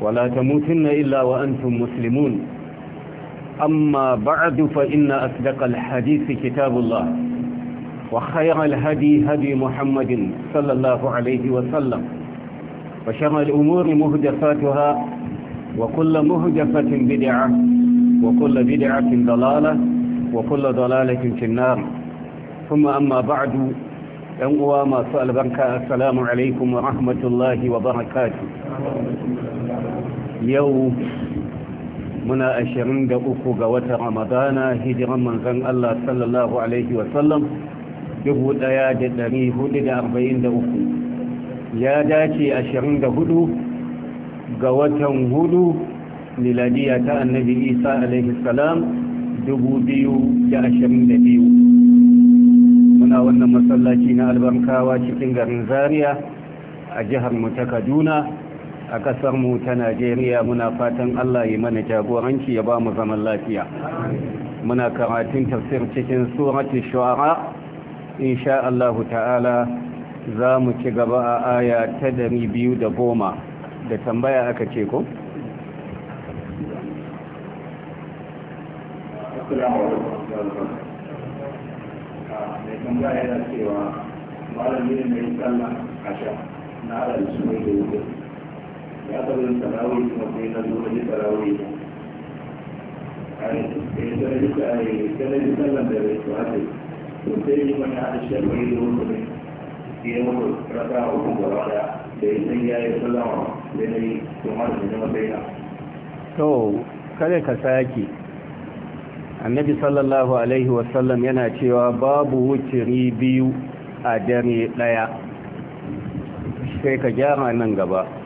ولا تموتن إلا وأنتم مسلمون أما بعد فإن أصدق الحديث كتاب الله وخير الهدي هدي محمد صلى الله عليه وسلم وشر الأمور مهدفاتها وكل مهدفة بدعة وكل بدعة ضلالة وكل ضلالة في النار ثم أما بعد أنقوى ما سأل بركة السلام عليكم ورحمة الله وبركاته yau muna ashirin da uku ga wata ramadana hijiran manzan Allah sallallahu Alaihi wasallam uku. ya dace ashirin da hudu ga watan hudu miladiya ta annabi isa alaihi salam biyu. da da ashirin biyu. muna wannan masallaci na albarkawa cikin garin zaria a jihar mutaka kaduna a ƙasar mu ta Najeriya muna fatan Allah ya mana jagoranci ya ba mu zaman lafiya muna karatun tafsir cikin suratul shu'ara insha allahu ta'ala za mu ci gaba a aya ta 210 da tambaya aka ce ko tambaya cewa mai a na ya barin tarawih kuma sai na zo da tarawih a yi sanadi a yi sanadi sallan da rai tuwa ce to sai yi mana a shafi da rukunin ya mutu rasa a hukun gaba da da ya san ya yi sallama da na yi kuma da zama sai na. to kada ka sake annabi sallallahu alaihi wasallam yana cewa babu wuciri biyu a dare daya sai ka gyara nan gaba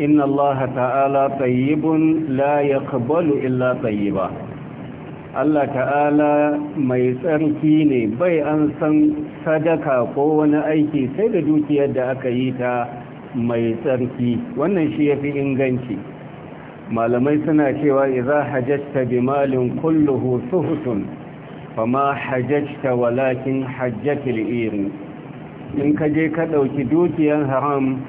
إن ta'ala تعالى طيب لا يقبل إلا طيبا Allah Ta'ala mai tsarki ne bai an san sadaka ko wani aiki sai da dukiyar da aka yi ta mai tsarki wannan shi yafi inganci malamai suna cewa idza hajjata bi malin kulluhu suhutun fama hajjata walakin hajjatil irin in ka je ka dauki dukiyar haram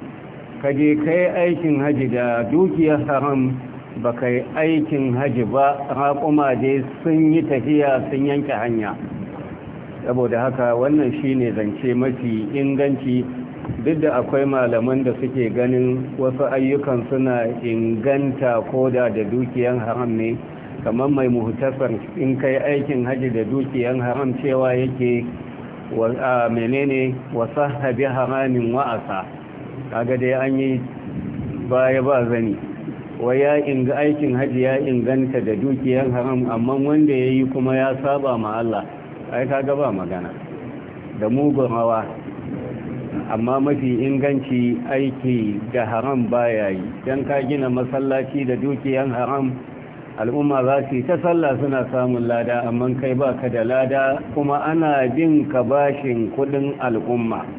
ka je kai aikin haji da dukiyar haram ba kai aikin haji ba raƙuma dai sun yi tafiya sun yanke hanya saboda haka wannan shine zance mafi inganci duk da akwai malaman da suke ganin wasu ayyukan suna inganta koda da dukiyan haram ne kamar mai muhtasar in kai aikin haji da dukiyan haram cewa yake menene wasa habi haramin wa'asa kaga dai an yi baya ba zani wa ya inga aikin haji ya inganta da dukiyar haram amma wanda ya yi kuma ya saba ma Allah ai kaga ba magana da mugun hawa amma mafi inganci aiki da haram baya yi don ka gina masallaci da dukiyar haram al'umma za su yi ta sallah suna samun lada amma kai ba ka da lada kuma ana bin ka bashin kudin al'umma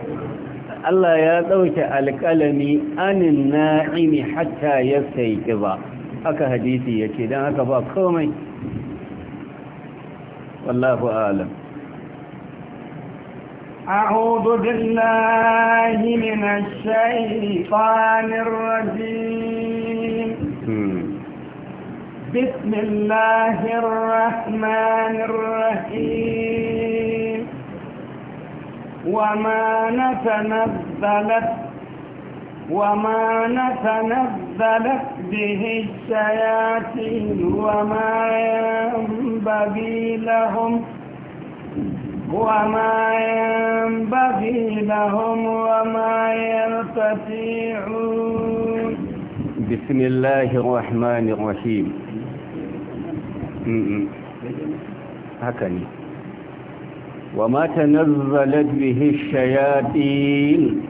Allah ya ɗauke alƙalami anin na'imi hatta ya sai ƙiba aka hadisi ya ce don haka ba komai wallahu alam أعوذ بالله من الشيطان الرجيم بسم الله الرحمن الرحيم وما نتنزلت وما نتنزلت به الشياطين وما ينبغي لهم وما ينبغي لهم وما يستطيعون بسم الله الرحمن الرحيم هكذا وما تنزلت به الشياطين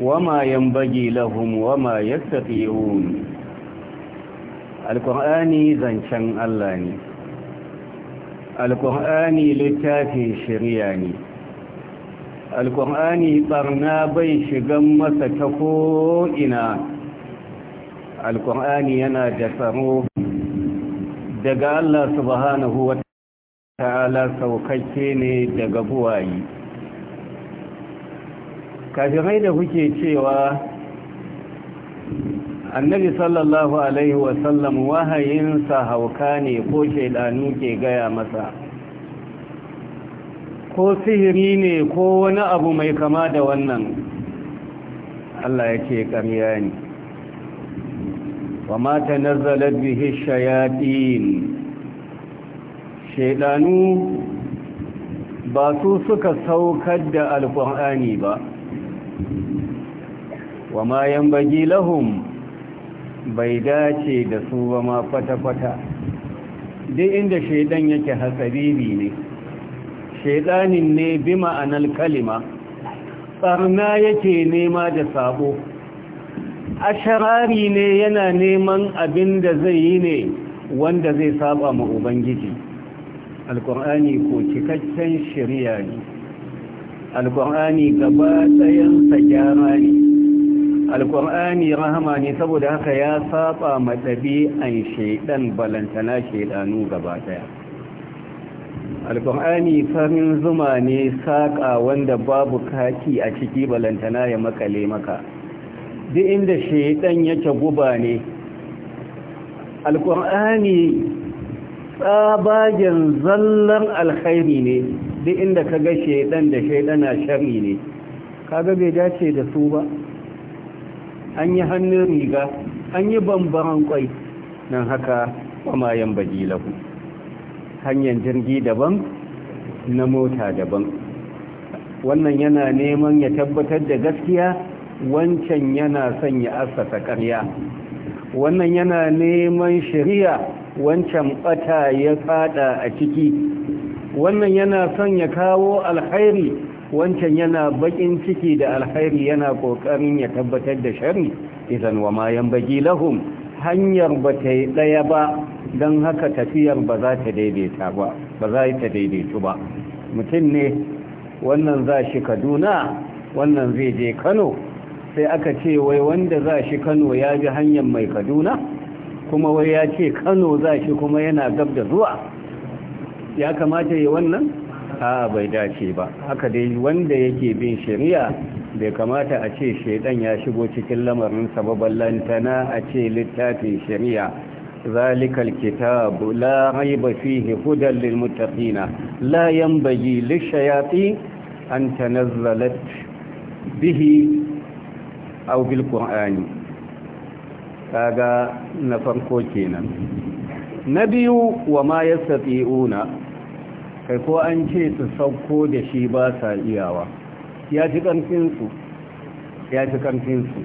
وما ينبغي لهم وما يستطيعون القرآن زنشان الله القرآن لتافي شرياني القرآن برنا بيش غمس تقوئنا القرآن ينادى صروف daga Allah subhanahu wa ta'ala saukakke ne daga buwayi kafirai da kuke cewa annabi sallallahu alaihi wasallam wahayinsa hauka ne ko shaidanu ke gaya masa ko sihiri ne ko wani abu mai kama da wannan Allah ya ce ƙarya ne wa mata nazzalar bihi shayaɗin shaidanu ba su suka saukar da alkur'ani ba wa ma bagi lahum bai dace da su ba ma kwata-kwata duk inda shaidan yake hasabibi ne shaidanin ne bi ma'anar kalima tsarna yake nema da sabo asharari ne yana neman abin da zai yi ne wanda zai saba ma ubangiji alkur'ani ko cikakken shirya ne alkur'ani gaba ɗayansa gyara ne alkur'ani rahama ne saboda haka ya saba ma ɗabi'an shaidan balantana shaidanu gaba ɗaya alkur'ani farin zuma ne saƙa wanda babu kaki a ciki balantana ya makale maka duk inda shaidan yake guba ne alkur'ani tsabagen zallan alkhairi ne duk inda ka ga shaidan da shaidana shari ne kaga bai dace da su ba an yi hannun riga an yi bambaran kwai nan haka kwamayen baji hanyar jirgi daban na mota daban wannan yana neman ya tabbatar da gaskiya wancan yana son ya asasa karya wannan yana neman shari'a wancan bata ya fada a ciki wannan yana son ya kawo alkhairi wancan yana bakin ciki da alkhairi yana kokarin ya tabbatar da shari idan wa ma yanbaghi lahum hanyar ba ta daya ba don haka tafiyar ba za ta daidaita ba ba za ta daidaitu ba mutum ne wannan za shi kaduna wannan zai je kano sai aka ce wai wanda za shi kano ya bi hanyar mai kaduna kuma wai ya ce kano za shi kuma yana gab da zuwa ya kamata yi wannan a bai dace ba haka dai wanda yake bin shari'a bai kamata a ce shaidan ya shigo cikin lamarin lantana a ce littafin shari'a ذلك الكتاب لا ريب فيه هدى للمتقين لا ينبغي للشياطين أن تنزلت به أو بالقرآن kaga na farko kenan na biyu wa ma yastati'una kai ko an ce su sauko da shi ba sa iyawa ya ci ƙarfinsu ya ci ƙarfinsu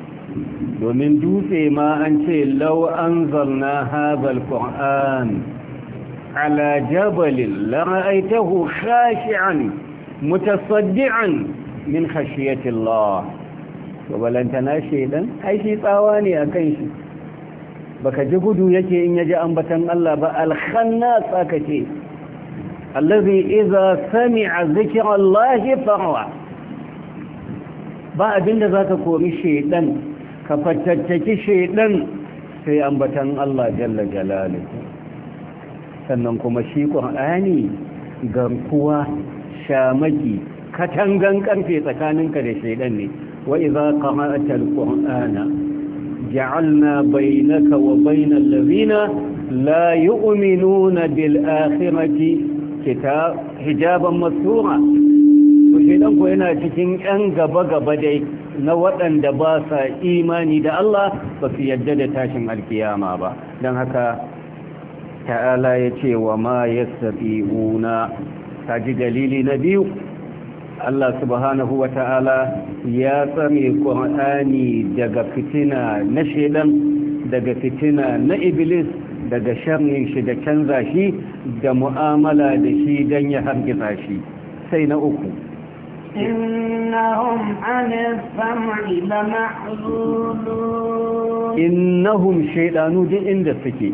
domin dutse ma an ce lau an zalna haɗar ƙwa'an ala jabalin lara'aitahu shashi'an mutasaddi'an min khashiyatillah to balantana shaidan aiki tsawa ne a kan shi baka ji gudu yake in yaji ambatan Allah ba al-khannas aka ce allazi idza sami'a dhikra Allah farwa ba abinda zaka komi shedan ka fatattaki shedan sai ambatan Allah jalla jalaluhu sannan kuma shi Qur'ani garkuwa shamaki katangan karfe tsakaninka da shedan ne wa idza qara'ta al na جعلنا بينك وبين الذين لا يؤمنون بالآخرة كتاب حجابا مستورا وشيدان كو yana cikin yan gaba gaba dai na waɗanda ba sa imani da Allah ba su yadda da tashin alkiyama ba don haka ta'ala ya ce wa ma yastafi'una ta ji dalili na biyu Allah subhanahu wa ta'ala ya tsame Qur'ani daga fitina na shaidan, daga fitina na iblis daga sharrin shi da canza shi da mu'amala da shi don ya hargitsa shi sai na uku innahum anis sam'i lama'zulun innahum shaydanu din inda suke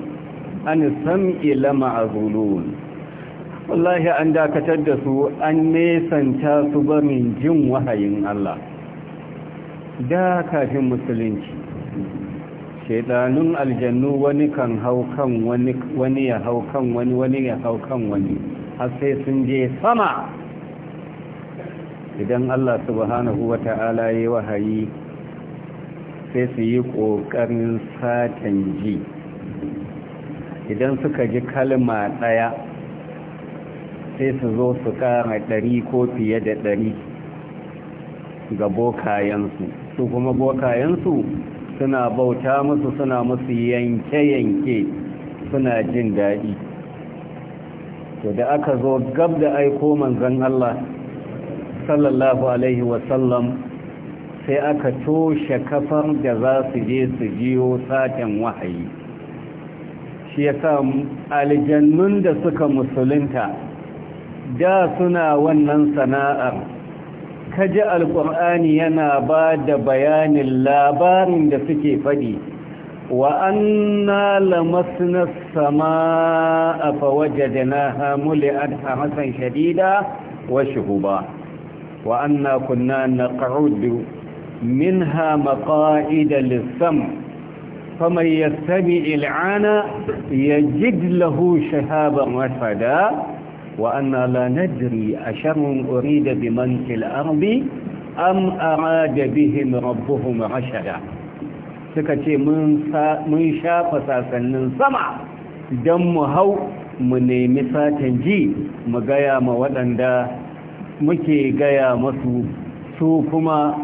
an sam'i ma'azulun. wallahi an dakatar da su an nesanta su ba min jin wahayin Allah da kafin musulunci shaidanun aljannu wani kan hau kan wani ya hau kan wani wani ya hau kan wani har sai sun je sama idan Allah subhanahu ta'ala ya wahayi sai su yi ƙoƙarin satan ji idan suka ji kalma ɗaya sai su zo su ƙara ɗari ko fiye da ɗari ga bokayensu su kuma bokayensu suna bauta musu suna musu yanke-yanke suna jin daɗi to da aka zo gab da aiko manzan Allah sallallahu alaihi wasallam sai aka toshe kafar da za su je su jiyo satin wahayi shi ya sa aljannun da suka musulunta da suna wannan sana'ar kaji alkur'ani yana ba da bayanin labarin da suke faɗi wa a lamasna da na wajadnaha mul'at hamasan shadida wa shuhuba wa na kunna naq'udu minha maqa'ida lis-sam' faman yastami'il 'ana yajid lahu وأنا لا ندري أشر أريد بمن في الأرض أم أراد بهم ربهم رشدا سكتي من, سا من شاف ساسنن mu دم هو من نمسا ji mu gaya ma waɗanda muke gaya masu su kuma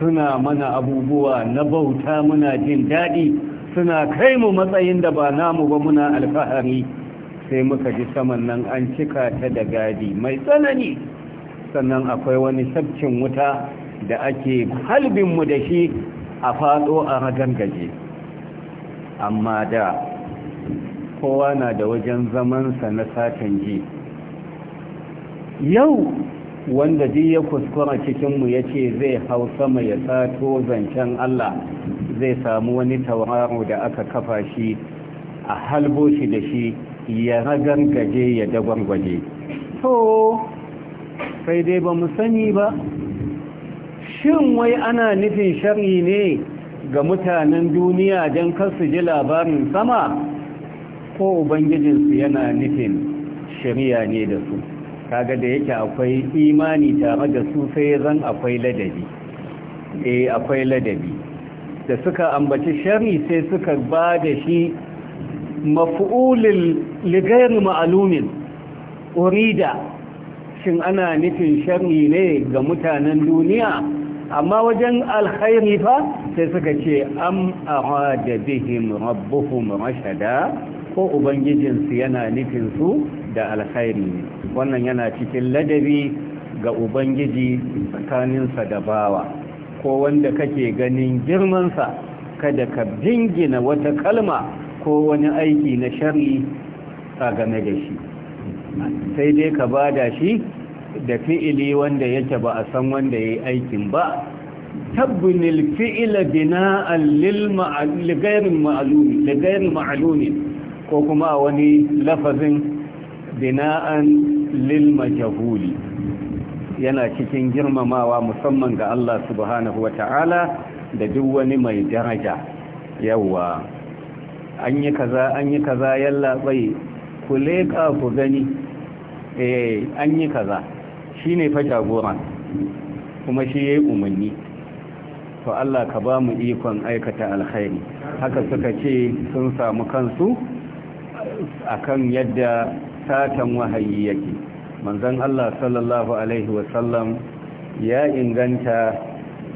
suna mana abubuwa na bauta muna jin daɗi suna kai mu matsayin da ba namu ba muna alfahari sai muka ji saman nan an cika ta da gadi mai tsanani sannan akwai wani sabcin wuta da ake halbin mu da shi a faɗo a gaje. amma da kowa na da wajen zamansa na satan ji yau wanda ji ya kuskura cikinmu ya ce zai hau sama ya sato zancen Allah zai samu wani tauraro da aka kafa shi a halbo shi da shi ya ragar gaje ya gaje. to sai dai ba mu sani ba shin wai ana nufin shari ne ga mutanen duniya don su ji labarin sama ko ubangijinsu yana nufin shari'a ne da su kaga da yake akwai imani tare da su sai zan akwai ladabi eh akwai ladabi da suka ambaci shari sai suka ba da shi مفعول لغير ma'alumin urida shin ana nufin شرني ne ga mutanen duniya amma wajen alkhairi fa sai suka ce am da bihim rabbuhum rashada ko ubangijinsu yana nufin su da alkhairi wannan yana cikin ladabi ga ubangiji tsakanin sa da bawa ko wanda kake ganin girmansa kada ka jingina wata kalma ko wani aiki na shari a game da shi sai dai ka ba da shi da fi'ili wanda yake ba a san wanda ya yi aikin ba tabbinil fi'ila bina'an Ligayen ma'aluni ko kuma wani lafazin bina'an lil majahuli yana cikin girmamawa musamman ga Allah subhanahu wa ta'ala da duk wani mai daraja yawa an yi kaza an yi kaza yalla bai ku leƙa ku gani eh, an yi kaza shine fa jagora kuma shi yayi umarni to Allah ka ba mu ikon aikata alkhairi haka suka ce sun samu kansu akan yadda satan wahayi yake manzon Allah sallallahu alaihi wasallam ya inganta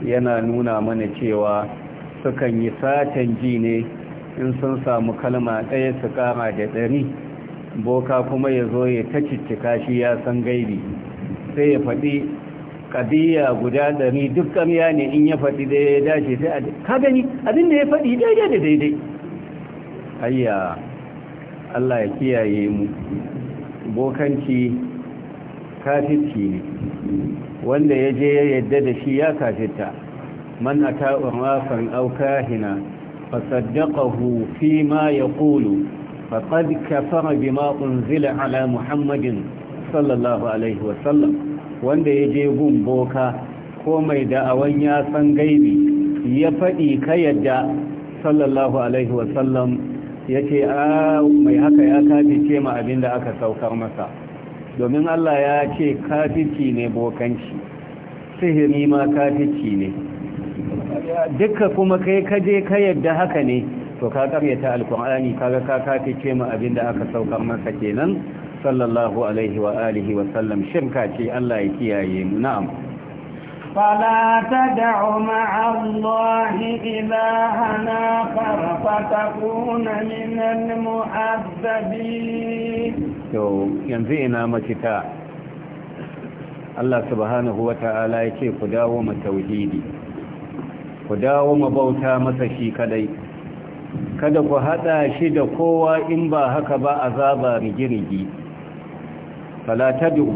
yana nuna mana cewa sukan yi satan ji ne in sun samu kalma ɗaya su kara da ɗari boka kuma ya zo ya ta ciccika shi ya san gaibi sai ya faɗi ƙadiyya guda ɗari duk ƙarya ne in ya faɗi da ya dace sai a ka gani abin da ya faɗi daidai da daidai ayya Allah ya kiyaye mu bokanci kafirci ne wanda ya je ya yadda da shi ya kafirta man ata urafan aw kahina فصدقه فيما يقول فقد كفر بما أنزل على محمد صلى الله عليه وسلم وان يجيبون بوكا komai da awan ya san gaibi ya fadi ka yadda sallallahu alaihi wasallam ya ce a mai haka ya kafice ma abin da aka saukar masa domin Allah ya ce kafici ne bokanci sihiri ma kafici ne duka kuma kai kaje ka yadda haka ne to ka karyata alkur'ani kaga ka kafice mu abinda aka saukar maka kenan sallallahu alaihi wa alihi wa sallam shirka ce Allah ya kiyaye mu na'am فلا تدع مع الله إلهنا فتكون من المعذبين to yanzu ina mafita Allah subhanahu wa ta'ala yake ku dawo mu tauhidi ku dawo mabauta masa shi kadai kada ku hada shi da kowa in ba haka ba azaba rigirigi falatadu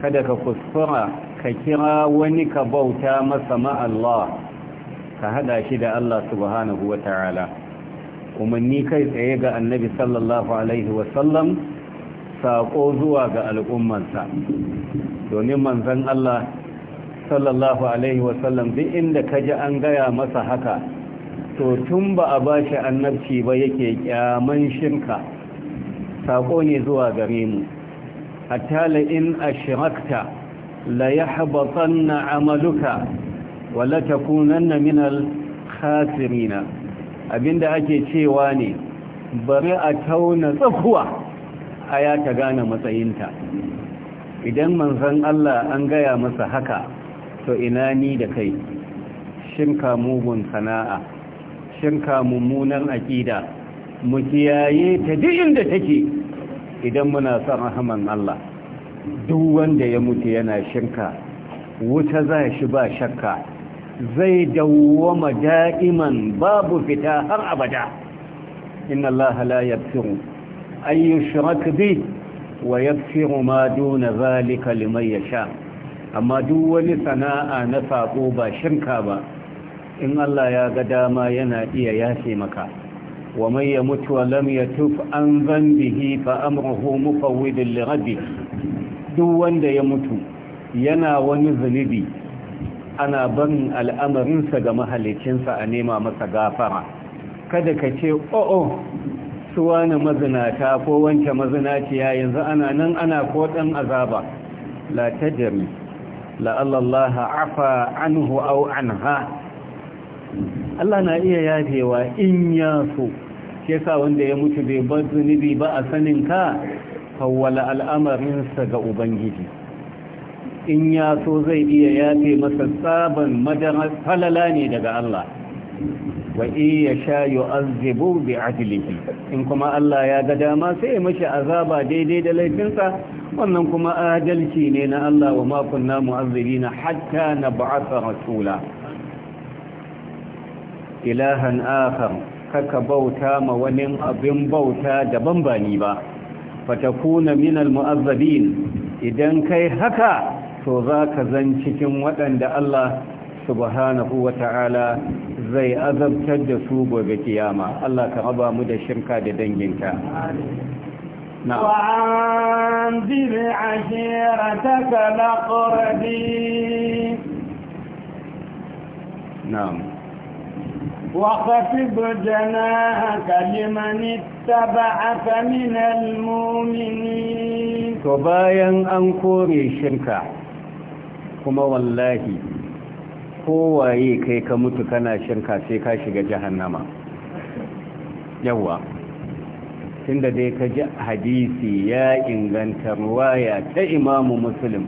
kada ka kuskura ka kira wani ka bauta masa ma Allah ka hada shi da Allah subhanahu wa umarni kai tsaye ga annabi sallallahu alaihi wasallam saƙo zuwa ga al'ummansa domin manzan Allah sallallahu alaihi wasallam duk inda ka ji an gaya masa haka to tun ba a bashi shi annabci ba yake kyaman shirka saƙo ne zuwa gare mu hatta la in ashrakta la yahbatanna amaluka wa la takunanna min al khasirina abinda ake cewa ne bari a tauna tsakuwa aya ta gane matsayinta idan manzon Allah an gaya masa haka to ina ni da kai shinka mugun sana'a shinka mummunan aƙida mu kiyaye ta duk inda take idan muna son rahaman Allah duk wanda ya mutu yana shinka wuta za shi ba shakka zai dawwama da'iman babu fita har abada inna Allah la yaghfiru wa yushraka bihi ويغفر ما دون ذلك لمن يشاء amma duk wani sana'a na sako ba shirka ba in Allah ya ga dama yana iya yace maka wa man yamutu wa lam yatub an dhanbihi fa amruhu mufawwidun li rabbih duk wanda ya mutu yana wani zunubi ana ban al'amarinsa ga mahalicinsa a nema masa gafara kada ka ce o'o oh, oh, su wani mazinata ko wance mazinaciya yanzu ana nan ana ko dan azaba la la'alla Allah afa anhu aw anha Allah na iya yafewa in ya so yasa wanda ya mutu bai bar zunubi ba a sanin ka fawwala al'amarinsa ga ubangiji in ya so zai iya yafe masa tsaban madara falala ne daga Allah wa iya sha yu'azzibu bi ajlihi in kuma Allah ya ga dama sai ya azaba daidai da laifinsa wannan kuma adalci ne na Allah wa ma kunna mu'azzibina hatta nab'atha rasula ilahan akhar kaka bauta ma wani abin bauta daban ba ni ba fatakuna minal mu'azzabin idan kai haka to zaka zan cikin waɗanda Allah subhanahu wa ta'ala zai azabtar da su gobe kiyama Allah ka raba mu da shirka da danginta وأنذر عشيرتك الأقربين نعم وخفض جناحك لمن اتبعك من المؤمنين وباين أنكوري شركة kuma wallahi kowaye kai ka mutu kana shirka sai ka shiga jahannama yawa tunda dai ka ji hadisi ya inganta ruwaya ta imamu muslim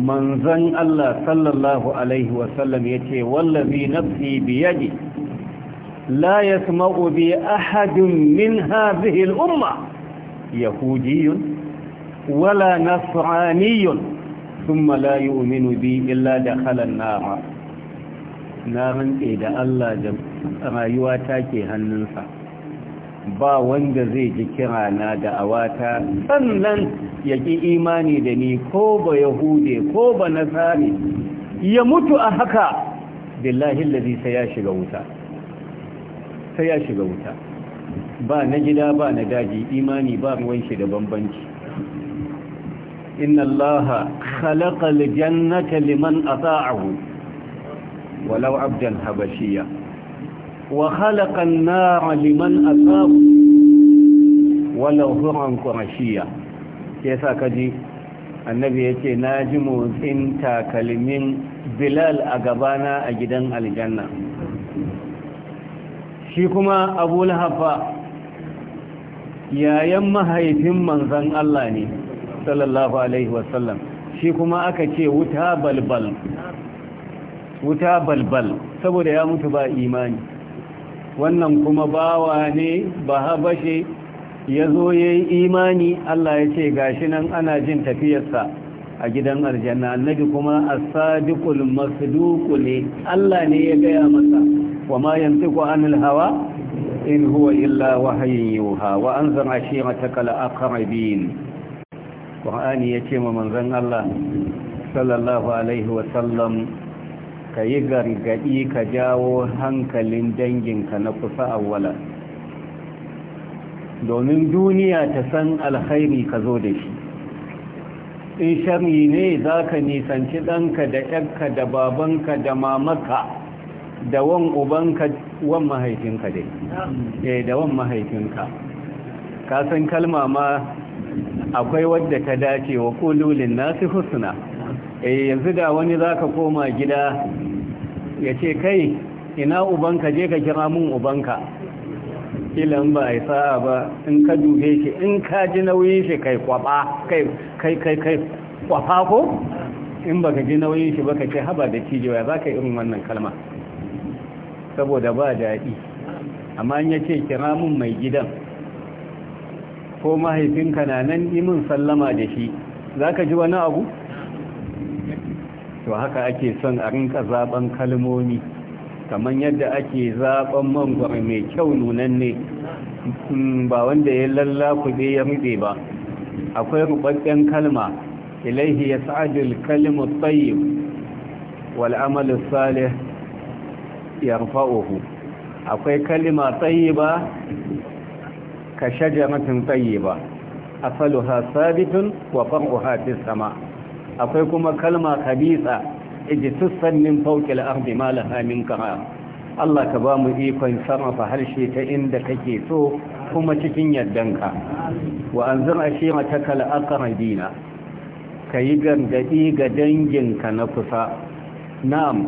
manzon Allah sallallahu alaihi wasallam ya ce wallazi nafsi biyaji la yasma'u bi ahadin min hadhihi umma yahudiyyun wala nasraniyyun thumma la yu'minu bi illa da an-nar na rantse da Allah da rayuwa ta ke hannunsa ba wanda zai ji kira na da awata sannan ya ki imani da ni ko ba yahude ko ba nasari ya mutu a haka billahi lalazi sai ya shiga wuta sai ya shiga wuta ba na gida ba na daji imani ba ruwan shi da bambanci inna allaha khalaqa aljannata liman ata'ahu walau abdan habashiya wa khalaqa an-nara liman asab walau huran qurashiya yasa kaji annabi yace naji motsin takalmin bilal a gabana a gidan aljanna shi kuma abu lahafa yayan mahaifin manzan Allah ne sallallahu alaihi wasallam shi kuma aka ce wuta balbal wuta balbal saboda ya mutu ba imani wannan kuma bawa ne ba habashe ya zo ya yi imani Allah ya ce gashi nan ana jin tafiyarsa a gidan aljanna annabi kuma as-sadiqul masduq ne Allah ne ya gaya masa wa ma yantiqu anil hawa in huwa illa wahyun yuha wa anzar ashiratakal aqrabin qur'ani yace ma manzon Allah sallallahu alaihi wa sallam ka yi gargaɗi ka jawo hankalin danginka na kusa awwala domin duniya ta san alkhairi ka zo da shi in shari ne za ka nisanci ɗanka da ƴarka da babanka da mamaka da wan ubanka wan mahaifinka dai eh da wan mahaifinka ka san kalma ma akwai wadda ta dace wa kululin nasi husna eh yanzu da wani zaka koma gida ya ce kai ina ubanka je ka kira mun ubanka ilan ba ai sa'a ba in ka dube shi in ka ji nauyin shi kai kwaba kai kai kai kai kwafa ko in baka ji nauyin shi baka ce haba da cijewa ba ka irin wannan kalma saboda ba daɗi amma in ya ce kira mun mai gidan ko mahaifinka na nan imin sallama da shi za ka ji wani abu to haka ake son a rinka zaben kalmomi kamar yadda ake zaben mangwar mai kyau nunanne mm, ba wanda ya lallakuɗe ya rube ba akwai rubaɗɗen kalma ilaihi ya sa'adil kalimu tsayyib wal'amalin salih ya uku, akwai kalima tsayiba ka shajaratin tsayiba asaluha sabitun wa far'uha fi sama akwai kuma kalma khabisa ijtissan min al ardi ma laha min qarar Allah ka ba mu ikon sarrafa harshe ta inda kake so kuma cikin yardanka wa anzir ashirataka al-aqrabina kayi gargadi ga danginka na kusa na'am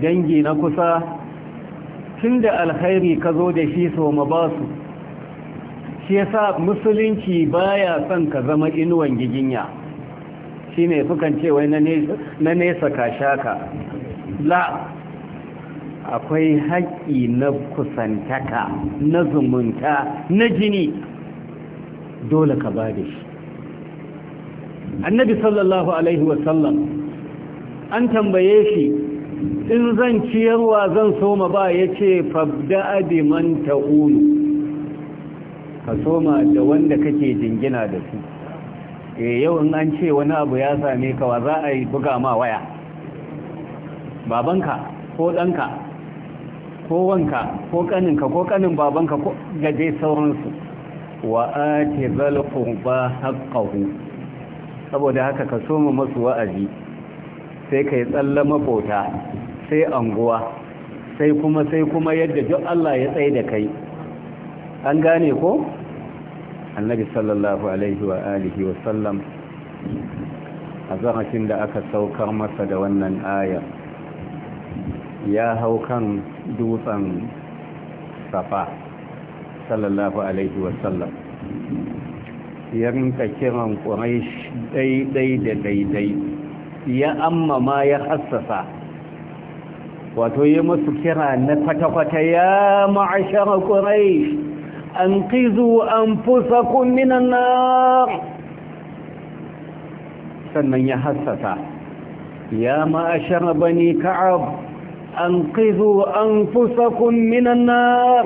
dangi na kusa tunda alkhairi ka zo da shi so ma ba su shi yasa musulunci baya son ka zama inuwan giginya ne sukan ce wai na nesa ka shaka la akwai haƙƙi na kusantaka na zumunta na jini dole ka ba da shi annabi sallallahu alaihi wasallam an tambaye shi in zan ciyarwa zan soma ba ya ce fabda man ulu. ka soma da wanda kake jingina da su Eh, yau in an ce wani abu ya same ka wa za a yi buga ma waya babanka ko ɗanka ko wanka ko ƙaninka ko ƙanin babanka ko gaje sauransu wa ake zalafin ba haƙƙahu saboda haka ka soma masu wa'azi sai ka yi tsalla makota sai anguwa sai kuma sai kuma yadda duk Allah ya tsaye da kai an gane ko? annabi sallallahu alaihi wa alihi wa sallam a zarafin da aka saukar masa da wannan ayar ya hau kan dutsen safa sallallahu alaihi wa sallam ya rinka kiran ƙuraish daidai da daidai ya amma ma ya hassasa wato yi masu kira na kwata-kwata ya ma'ashara ƙuraish أنقذوا أنفسكم من النار sannan ya hassasa ya ma'ashar bani ka'ab anqidhu anfusakum minan nar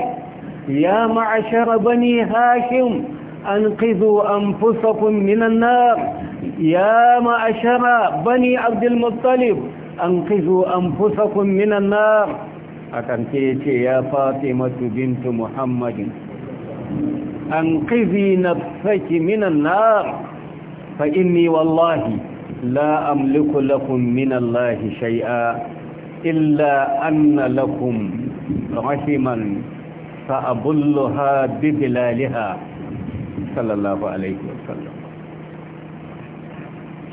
ya ma'ashar bani hashim anqidhu anfusakum minan nar ya ma'ashar bani abdul muttalib anqidhu anfusakum minan nar akan ce ya fatimatu bintu muhammadin أنقذي نفسك من النار فإني والله لا أملك لكم من الله شيئا إلا أن لكم رحما فأبلها ببلالها صلى الله عليه وسلم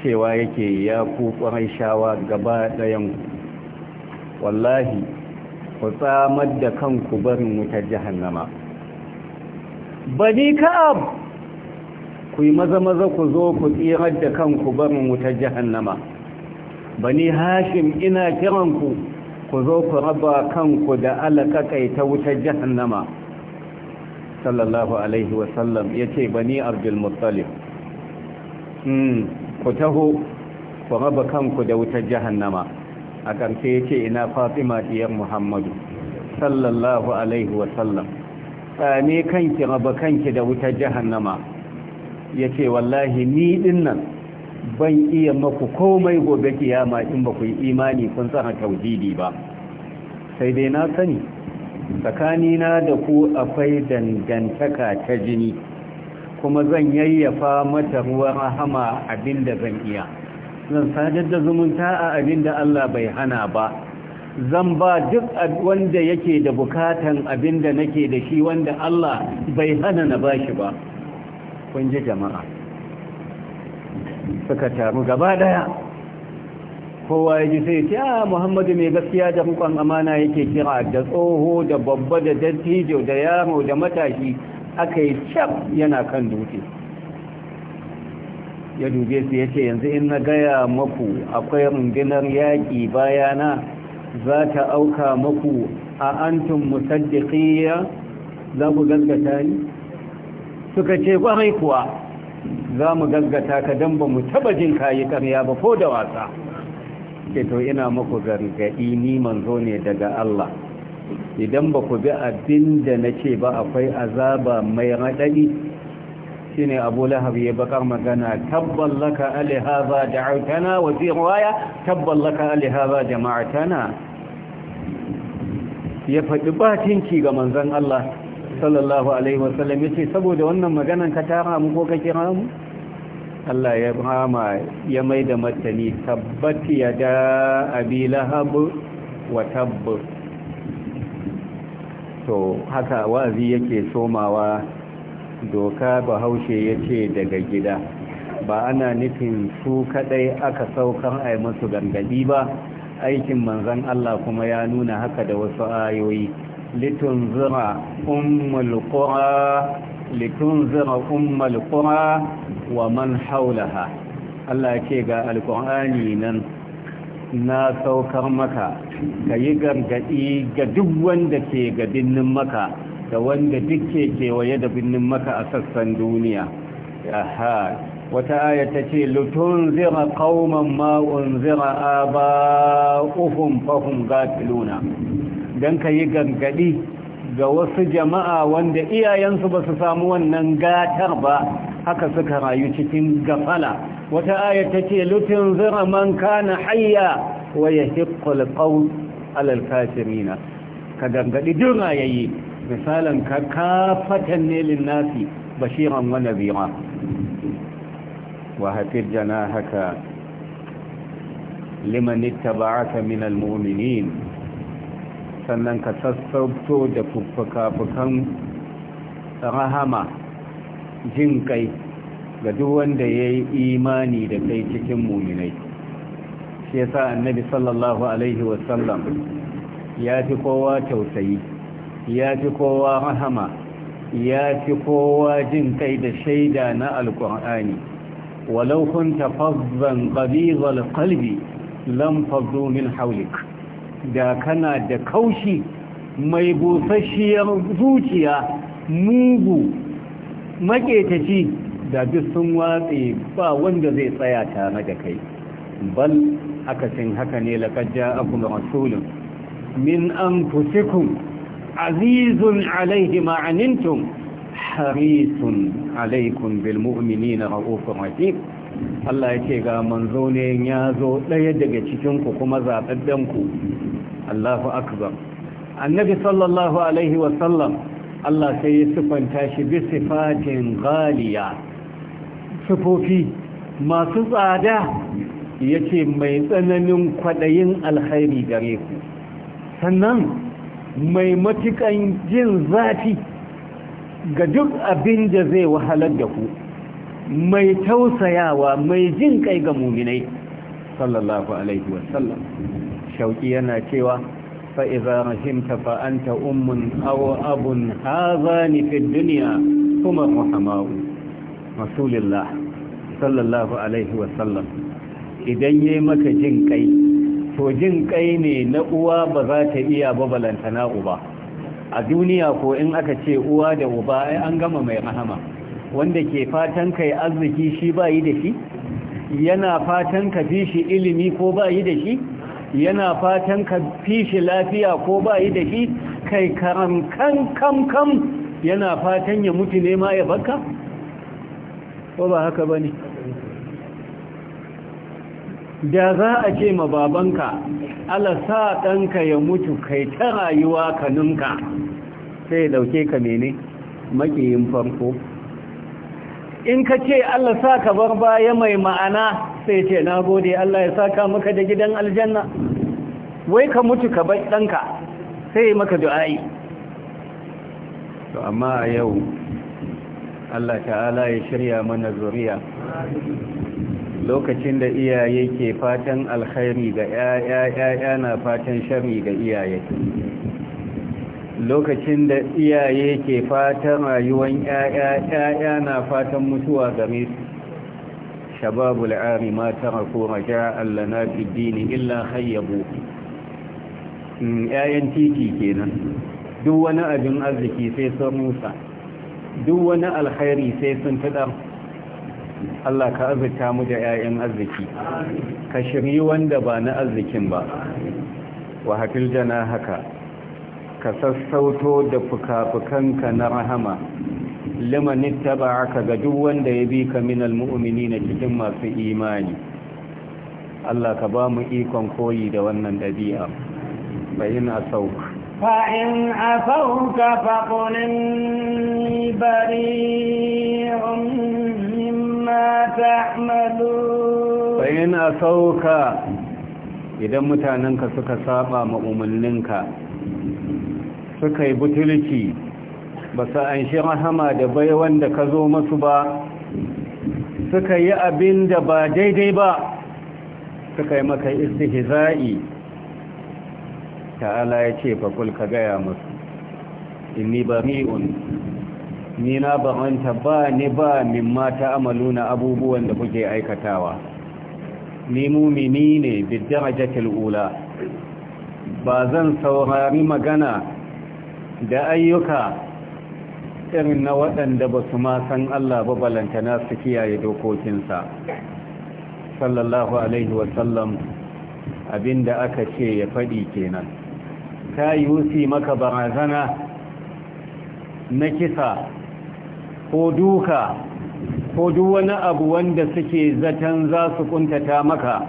cewa yake ya ku ƙwarai shawa gaba ɗayan wallahi ku tsamar da kanku barin wutar jahannama bani ka'ab ku yi maza maza ku zo ku tsirar da kanku barin wutar jahannama bani hashim ina kiranku ku zo ku raba kanku da alaƙaƙai ta wutar jahannama sallallahu alaihi wasallam ya ce bani abdulmuttalif hmm, ku taho ku raba kanku da wutar jahannama a ƙarshe ya ce ina fatima diyar muhammadu sallallahu alaihi wasallam tsame kanki raba kanki da wuta jahannama ya ce wallahi ni dinnan ban iya maku komai gobe kiyama in ba ku yi imani kun tsara tauhidi ba sai dai na sani tsakanina da ku akwai dangantaka ta jini kuma zan yayyafa mata ruwa rahama abinda zan iya zan sadar da zumunta a abinda Allah bai hana ba zan ba duk wanda yake da bukatan abin da nake da shi wanda Allah bai hana na bashi ba kun ji jama'a suka taru gaba daya kowa ya ji sai ce a ah, muhammadu mai gaskiya da rikon amana yake kira da tsoho da babba da dattijo da yaro da matashi aka yi cap yana kan dutse ya dube su ya yanzu in na gaya maku akwai rundunar yaƙi bayana za ta auka maku a antum musaddiqiyya za ku gaggata ni suka ce kwarai kuwa za mu gaggata ka dan ba mu taba jin kayi karya ba ko da wasa ke to ina maku gargadi ni manzo ne daga Allah idan ba ku bi abin da na ce ba akwai azaba mai raɗaɗi shine Abu Lahab ya bakar magana tabbalaka laka ali hadha da'awtana wa fi riwaya tabban laka ali hadha jama'atana ya faɗi batinki ga manzon Allah sallallahu alaihi wa sallam yace saboda wannan maganan ka tara mu ko ka kira mu Allah ya rama ya mai da matani tabbati ya da abi lahab wa tabb to haka wazi yake somawa doka bahaushe ya ce daga gida ba ana nufin su kadai aka saukan a masu gargadi ba aikin manzan Allah kuma ya nuna haka da wasu ayoyi litun zira ummul qura wa man haulaha Allah ce ga alqur'ani nan na saukar maka yi gargadi ga duk wanda ke ga binnin maka da wanda duk ke kewaye da birnin maka a sassan duniya aha wata aya ta ce lutun zira kauman ma'un zira aba uhun fahun gafiluna don ka yi gangadi ga wasu jama'a wanda iyayensu ba su samu wannan gatar ba haka suka rayu cikin gafala wata aya ta ce lutun zira man kana hayya wa ya hikkul alal kafirina ka gangadi duk yayi Misalin ka kafatan ne linnasi bashiran wa nadhira wa hafir janahaka liman ittaba'aka min almu'minin sannan ka sassauto da fuffuka-fukan rahama jin kai ga duk wanda ya yi imani da kai cikin muminai shi sa annabi sallallahu alaihi wasallam ya fi kowa tausayi ya fi kowa rahama ya fi kowa jin kai da shaida na alkur'ani walau kunta fazzan ƙabizar kalbi lan faddu min da kana da kaushi mai busasshiyar zuciya mugu maketaci da duk sun watse ba wanda zai tsaya tare da kai bal akasin haka ne abu da rasulun min an fusikun azizun alaihi ma'anintum harisun alaikum bil mu'minina ra'ufur Allah ya ce ga manzo ne ya zo ɗaya daga cikin ku kuma zaɓaɓɓen ku Allahu akbar annabi sallallahu alaihi wa sallam Allah sai ya sifanta shi bi sifatin ghaliya sifofi masu tsada yace mai tsananin kwadayin alkhairi gare ku sannan mai matukan jin zafi ga duk abin da zai wahalar da ku mai tausayawa mai jin kai ga muminai sallallahu alaihi wasallam shauki yana cewa fa idza rahimta fa anta ummun abun haza fi duniya kuma muhammadu. rasulullah sallallahu alaihi wasallam idan yi maka jin kai to jin kai ne na uwa ba za ta iya na uba a duniya ko in aka ce uwa da uba ai an gama mai rahama wanda ke fatan kai arziki shi ba yi da shi yana fatan ka fi shi ilimi ko ba yi da shi yana fatan ka fi shi lafiya ko ba yi da shi kai karam kan kam kam yana fatan ya mutu ne ma ya baka ko ba haka ba ne da za a ce ma babanka Allah sa ɗanka ya mutu kai ta rayuwa kanunka, sai dauke ka mene makiyin farko in ka ce Allah sa ka bar baya mai ma'ana sai ce na gode Allah ya saka maka da gidan aljanna wai ka mutu ka bar ɗanka sai maka du'a'i to amma a yau Allah ta'ala ya shirya mana zuriya lokacin da iyaye ke fatan alkhairi ga ‘ya'ya na fatan shari ga iyaye lokacin da iyaye ke fatan rayuwan ‘ya'ya na fatan mutuwa game su shababul ari ma taraku raja allana fi dini illa hayyabu mm, Ƴaƴan titi kenan duk wani abin arziki sai sun rusa duk wani alkhairi sai sun fi Allah ka azurta mu da 'ya'yan arziki ka shirya wanda ba na arzikin ba wa jana haka ka sassauto da fuka-fukanka na rahama limanin taba aka ga duk wanda ya bi ka min mu'umini na cikin masu imani Allah ka ba mu ikon koyi da wannan ɗabi'a bayin a sauka فإن عفوك فقل إني بريء bayyana sauka idan mutanen ka suka saba ma'umanninka suka yi butulki ba su an shi rahama da bai wanda ka zo masu ba suka yi ba daidai ba suka yi maka istihiza'i ta'ala ya ce fakul ka gaya masu ni na bani ba ni ba min mata amaluna abubuwan da kuke aikatawa ni mumini ne bidarajatul ula ba zan saurari magana da ayyuka irin na waɗanda ba su ma san Allah ba na su kiyaye dokokinsa sallallahu alaihi wasallam abinda aka ce ya faɗi kenan ta yi maka barazana na kisa ko duka ko duk wani abu wanda suke zaton za su kuntata maka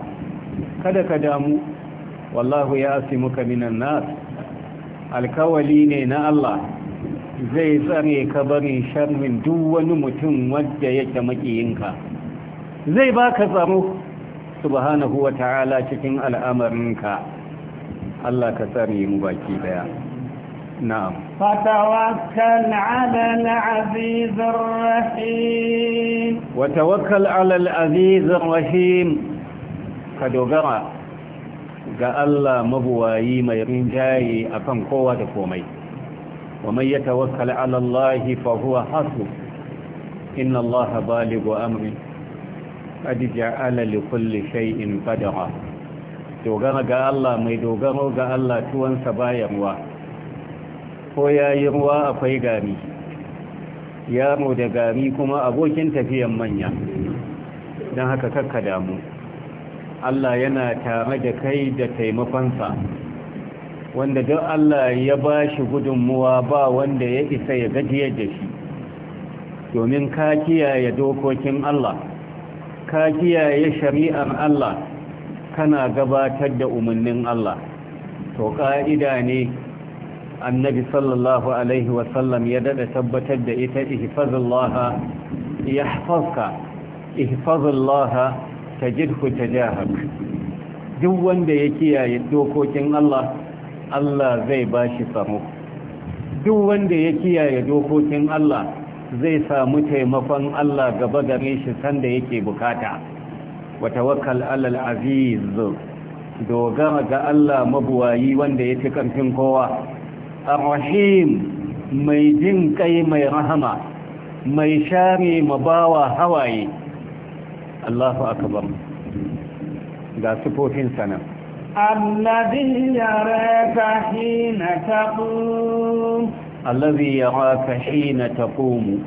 kada ka damu wallahu ya asimuka minan nas alkawali ne na Allah zai tsare ka barin sharrin duk wani mutum wadda yake makiyinka zai baka tsaro subhanahu wa ta'ala cikin al'amarinka Allah ka tsare mu baki daya نعم فتوكل على العزيز الرحيم وتوكل على العزيز الرحيم كدوغرا ga Allah mabuwayi mai rinjaye akan kowa da komai wa man yatawakkal ala Allah fa huwa hasbu inna Allah amri qad ja'ala li kulli shay'in qadara dogara ga Allah mai dogaro ga Allah tuwansa bayarwa ko ya yi ruwa akwai gari yaro da gari kuma abokin tafiyan manya don haka kakka damu Allah yana tare da kai da taimakonsa wanda don Allah ya ba shi gudunmuwa ba wanda ya isa ya gajiyar da shi domin ka kiyaye dokokin Allah ka kiyaye shari'ar Allah kana gabatar da umarnin Allah to ka'ida ne annabi sallallahu alaihi wasallam ya dada tabbatar da ita ihfazullaha yahfazka ihfazallaha tajidhu tajahak duk wanda ya kiyaye dokokin Allah Allah zai bashi samu duk wanda ya kiyaye dokokin Allah zai samu taimakon Allah gaba gare shi sanda yake bukata wa tawakkal alal aziz dogara ga Allah mabuwayi wanda yake karfin kowa ar-rahim mai jin kai mai rahama mai share mabawa hawaye Allahu akbar ga sifofin sana alladhi yaraka hina taqum alladhi yaraka hina taqum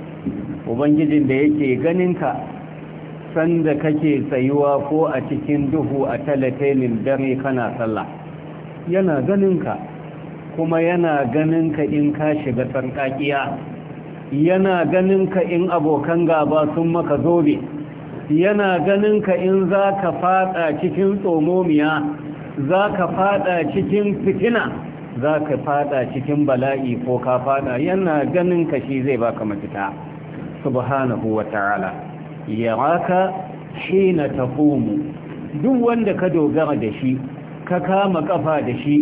ubangijin da yake ganinka sanda kake tsayuwa ko a cikin duhu a talatelin dare kana sallah yana ganinka kuma yana ganin ka in ka shiga sarkakiya? yana ganin ka in abokan gaba sun maka zobe yana ganin ka in za ka fada cikin tsomomiya za ka fada cikin fitina za ka fada cikin bala'i ko ka fada yana ganin ka shi zai baka mafita subhanahu wa ta'ala yaraka na tafomu duk wanda ka dogara da shi ka kama kafa da shi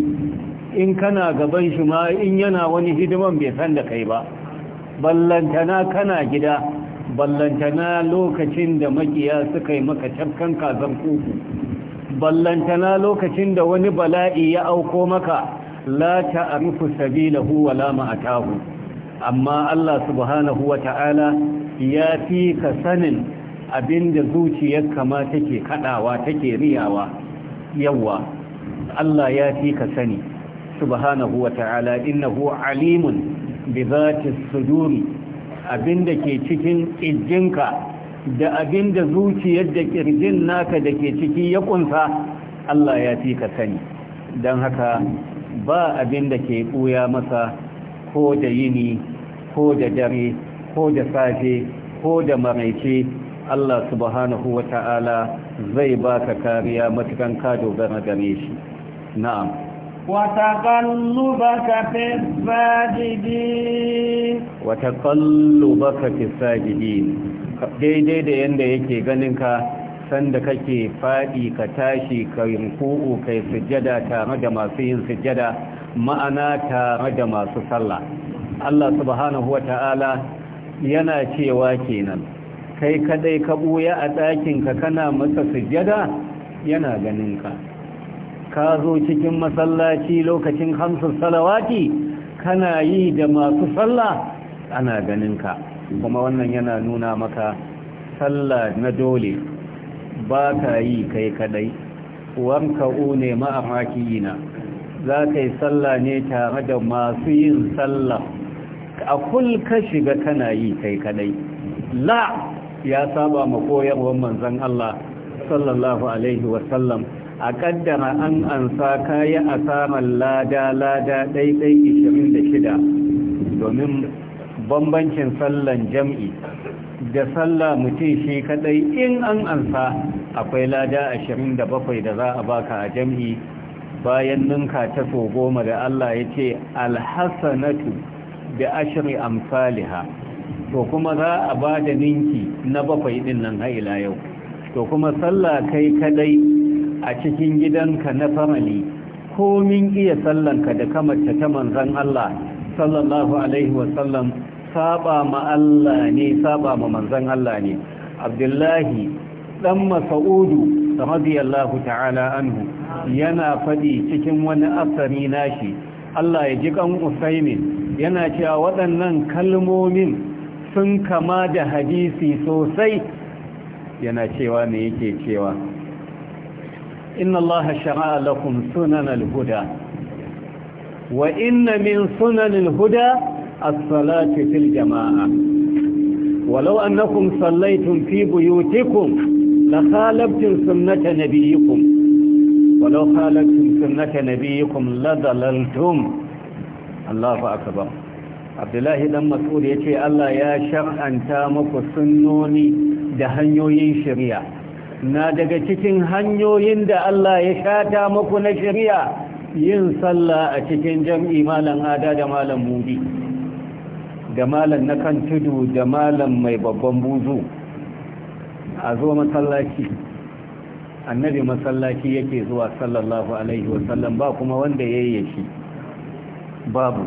in kana gaban shi ma in yana wani hidiman bai san da kai ba ballantana kana gida ballantana lokacin da makiya suka yi maka tafkan kazan kuku ballantana lokacin da wani bala'i ya auko maka la ta'rifu sabilahu wa la ma'atahu amma Allah subhanahu wa ta'ala ya fi ka sanin abinda zuciyarka ma take kadawa take riyawa yawa Allah ya fi ka sani subhanahu wa ta'ala innahu alimun bi zati suduri abinda ke cikin kirjinka da abinda zuciyar da kirjin naka da ke ciki ya kunsa Allah ya fi ka sani don haka ba abinda ke buya masa ko da yini ko da dare ko da safe ko da maraice Allah subhanahu wa ta'ala zai baka kariya matukan ka dogara gare shi na'am وتقلبك في الساجدين daidai da yadda yake ganin ka sanda kake faɗi ka tashi ka yunku'u kai sujada tare da masu yin sujada, ma'ana tare da masu sallah Allah subhanahu Ta'ala yana cewa kenan kai kadai ka buya a ɗakin kana masa sujada? yana ganinka. ka ka zo cikin masallaci lokacin hamsin salawati kana yi da masu sallah ana ganin ka. kuma wannan yana nuna maka sallah na dole ba ka yi kai kadai wanka une yina za ka yi salla ne tare da masu yin salla a kul ka shiga kana yi kai kadai la ya saba ma koyarwar manzan Allah sallallahu alaihi wasallam a kaddara an ansa kayi asarar lada lada ɗaiɗai shida domin bambancin sallan jam'i da sallah mutum shi kadai in an ansa akwai lada 27 da za a baka a jam'i bayan ninka ta so goma da Allah ya ce alhassanatu da ashiri amsaliha to kuma za a ba da ninki na bakwai ɗin nan haila yau to kuma sallah kai kaɗai. a cikin gidanka na famali komin iya sallanka da kamarta ta manzan Allah sallallahu alaihi wasallam saba ma Allah ne saba ma manzan Allah ne abdullahi dan mas'udu radiyallahu ta'ala anhu yana fadi cikin wani asari nashi Allah ya ji kan Usaimin yana cewa waɗannan kalmomin sun kama da hadisi sosai yana cewa me yake cewa إن الله شرع لكم سنن الهدى وإن من سنن الهدى الصلاة في الجماعة ولو أنكم صليتم في بيوتكم لخالفتم سنة نبيكم ولو خالفتم سنة نبيكم لضللتم الله أكبر عبد الله لما تقول يتي الله يا شرعا تامك سنوني دهنيوين شريع na daga cikin hanyoyin da Allah ya shata muku na shari'a yin sallah a cikin jam'i malam ada da malam mubi da malam na kan tudu da malam mai babban buzu a zo masallaci annabi masallaci yake zuwa sallallahu alaihi wasallam ba kuma wanda ya yi shi babu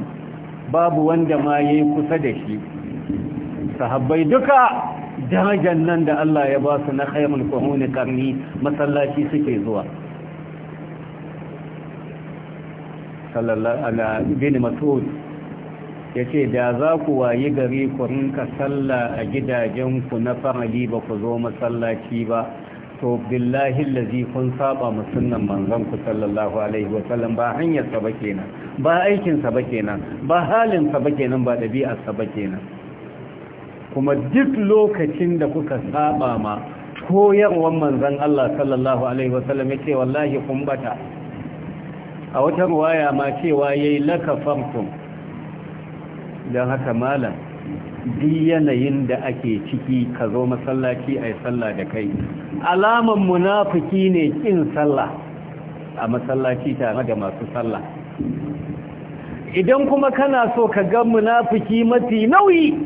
babu wanda ma ya yi kusa da shi sahabbai duka darajar nan da Allah ya ba su na khairul kuhuni karni masallaci suke zuwa sallallahu ala bin mas'ud yace da za ku waye gari ku rinka sallah a gidajen ku na farali ba ku zo masallaci ba to billahi allazi kun saba mu sunnan manzon ku sallallahu alaihi wa sallam ba hanyar sa ba ba aikin sa ba ba halin sa ba kenan ba dabi'ar sa ba kuma duk lokacin da kuka saba ma koyarwar manzon Allah sallallahu alaihi wasallam ce wallahi kumbata a wata ruwaya ma cewa yayi lakafartum dan haka malam duk yanayin da ake ciki ka zo masallaci ai sallah da kai alaman munafiki ne kin sallah a masallaci tare da masu sallah idan kuma kana so ka ga munafiki mafi nauyi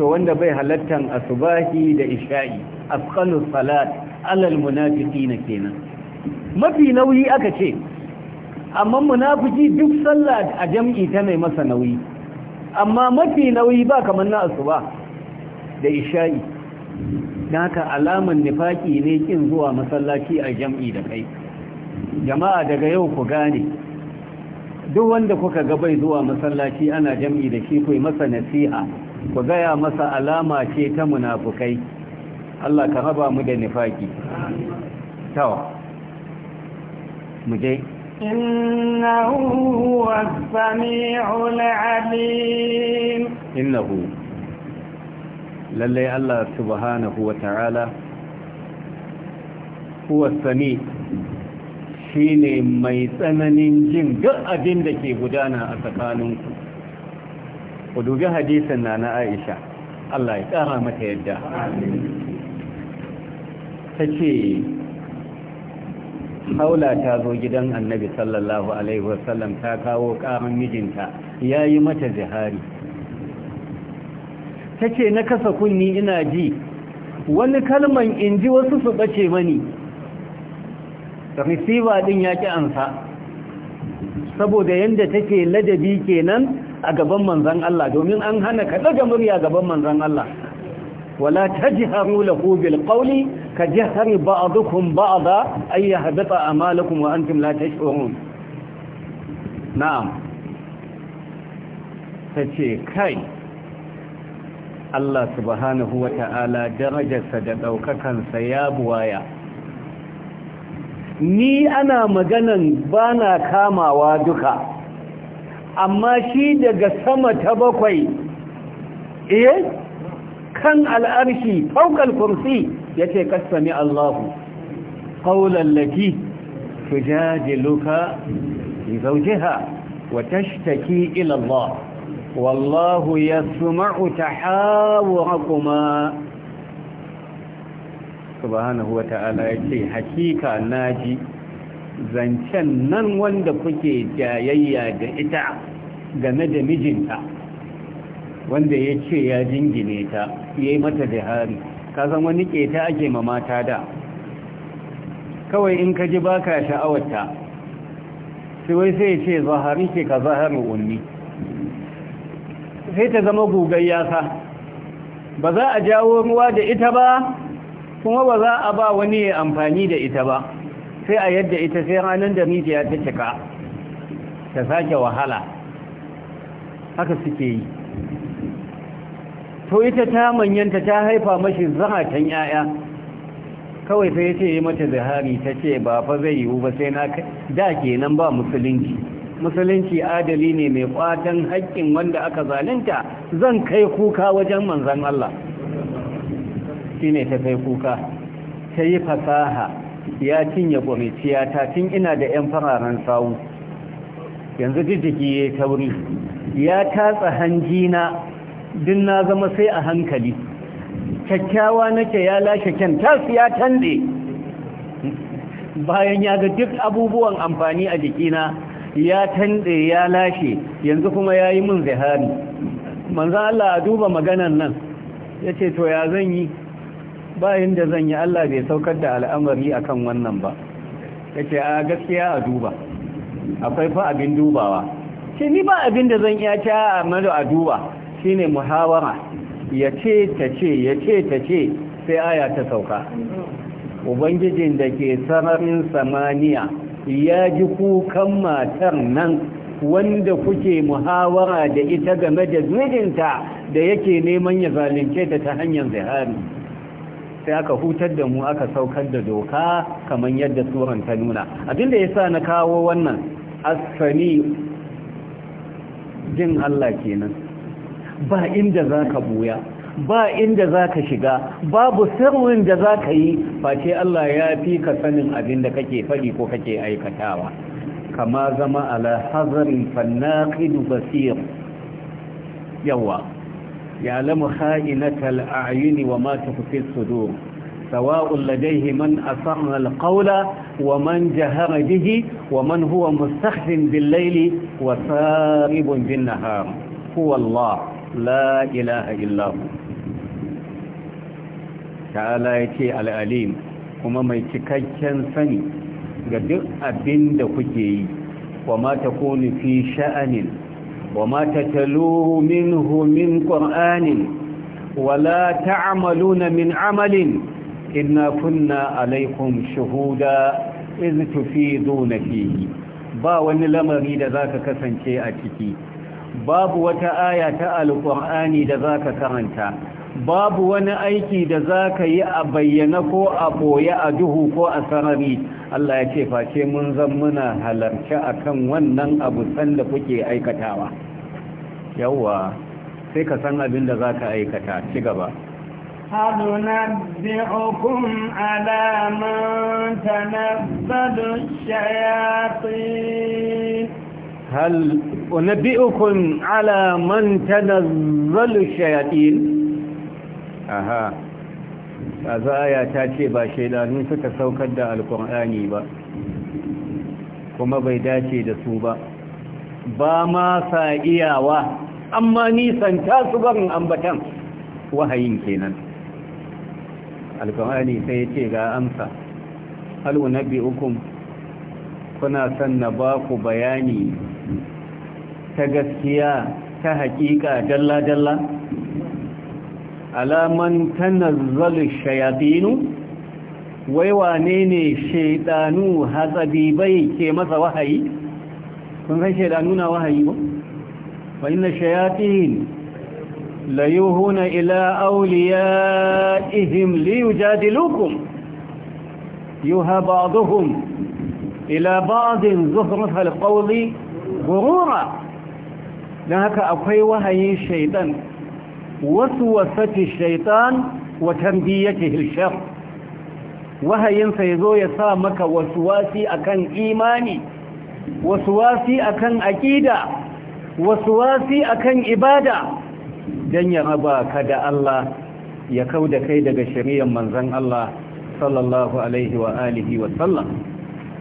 to wanda bai halattan asubahi da isha'i asqalu salat alal munafiqina kenan mafi nauyi aka ce amma munafiki duk sallah a jam'i ta mai masa nauyi amma mafi nauyi ba kamar na asuba da isha'i don haka alaman nifaki ne kin zuwa masallaci a jam'i da kai jama'a daga yau ku gane duk wanda kuka ga bai zuwa masallaci ana jam'i da shi ku masa nasiha ku gaya masa alama ce ta munafukai Allah ka raba mu da nifaki tawa mu je innahu was-sami'ul 'alim innahu lalle Allah subhanahu wa ta'ala huwa as-sami' Shi ne mai tsananin jin duk abin da ke gudana a tsakaninku ku dubi hadisin na na Aisha Allah ya kara mata yadda ta ce haula ta zo gidan annabi sallallahu alaihi wasallam ta kawo karin mijinta ya yi mata zihari ta ce na kasa kunni ina ji wani kalman in ji wasu su ɓace mani receiver din ya ki ansa saboda yanda take ladabi kenan a gaban manzon Allah domin an hana ka daga murya gaban manzan Allah wala tajharu lahu bil qawli ka jahri ba'dukum ba'da ay yahbata amalukum wa antum la tash'urun na'am tace kai Allah subhanahu wa ta'ala darajarsa da ɗaukakansa ya buwaya ni ana maganan ba na kamawa duka amma shi daga sama ta bakwai E! kan al'arshi faukal kursi ya ce kasami allahu ƙaulallaki tujajiluka fi zaujiha wa tashtaki ila Allah wallahu yasma'u kuma subhanahu wa ta'ala ya ce hakika naji zancen nan wanda kuke jayayya da ita game da mijinta wanda ya ce ya jingine ta ya yi mata hari, ka san wani keta ake mamata da kawai in ka ji ba ka sha'awarta sai wai sai ce zahari ke ka zaharin unni sai ta zama gugayya ba za a jawo ruwa da ita ba kuma ba za a ba wani ya amfani da ita ba sai a yadda ita sai ranar da rijiya ta cika ta sake wahala haka suke yi to ita ta manyanta ta haifa mashi zaratan 'ya'ya kawai sai ya ce yi mata zahari ta ce ba fa zai yiwu ba sai na da kenan ba musulunci musulunci adali ne mai kwatan haƙƙin wanda aka zalunta zan kai kuka wajen manzan Allah ne ta kai kuka ta yi fasaha ya cinye ƙwariciya ta tun ina da 'yan fararen sawu yanzu jijjiki ya tauri ya tatsa hanjina din na zama sai a hankali kyakkyawa nake ya lashe kyan tasu ya tanɗe bayan ya ga duk abubuwan amfani a jikina ya tanɗe ya lashe yanzu kuma ya yi min zihari manzan Allah a duba maganan nan ya ce to ya zan yi bayan da zan yi Allah bai saukar da al'amari akan wannan ba yace a gaskiya a duba akwai fa abin dubawa ce ni ba abin da zan iya ta amadu a duba shine muhawara yace ce yace ce sai aya ta sauka ubangijin da ke sararin samaniya ya ji kukan matar nan wanda kuke muhawara da ita game da mijinta da yake neman ya zalunce ta ta hanyar zihari sai aka hutar da mu aka saukar da doka kamar yadda suran ta nuna abinda ya sa na kawo wannan asfani jin Allah kenan ba inda za ka buya ba inda za ka shiga babu sirrin da za ka yi face Allah ya fi ka sanin abinda kake faɗi ko kake aikatawa kama zama ala hazarin fannaƙidu basir yawa ya lama kha'inatar ayyuni wa mata fi sudu sawa'un ladaihi man asarar alƙaula wa man jahara wa man huwa mustaqbin bin laili wa tsaribin bin nahar huwa Allah la ilaha illahu ta'ala ya ce al'alim kuma mai cikakken sani ga duk abinda da kuke yi wa mata kone fi sha'anin وما تتلوه منه من قرآن ولا تعملون من عمل إنا كنا عليكم شهودا إذ تفيدون فيه با wani lamari da zaka kasance a ciki babu wata aya ta alqur'ani da ka karanta babu wani aiki da za ka yi a bayyana ko a ɓoye a duhu ko a sarari Allah ya ce face mun zan muna halarci a kan wannan abu sanda kuke aikatawa yawwa sai ka san abin da za ka aikata ci gaba هننبئكم على من تنبد الشياطين هل أنبئكم على من تنزل الشياطين aha azaya ta ce ba shaidanu suka saukar da alkur'ani ba kuma bai dace da su ba ba ma sa iyawa amma nisan ta su barin ambatan wahayin kenan alkur'ani sai ya ce ga amsa halu na ukun kuna son na ba ku bayani ta gaskiya ta hakika dalla-dalla على من تنزل الشياطين ويوانين شيطانو هذا بيبي كيما وحي كنفي شيطانونا وحي وإن الشياطين ليوهون إلى أوليائهم ليجادلوكم يوها بعضهم إلى بعض زهرة القول غرورا لهك أقوي وحي الشيطان وسوسة الشيطان وتنبيته الشر وهين فيزو يسامك وسواسي أكن إيماني وسواسي أكن أكيدة وسواسي أكن إبادة جنيا أباك دا الله يكود كيدك شريا من زن الله صلى الله عليه وآله وسلم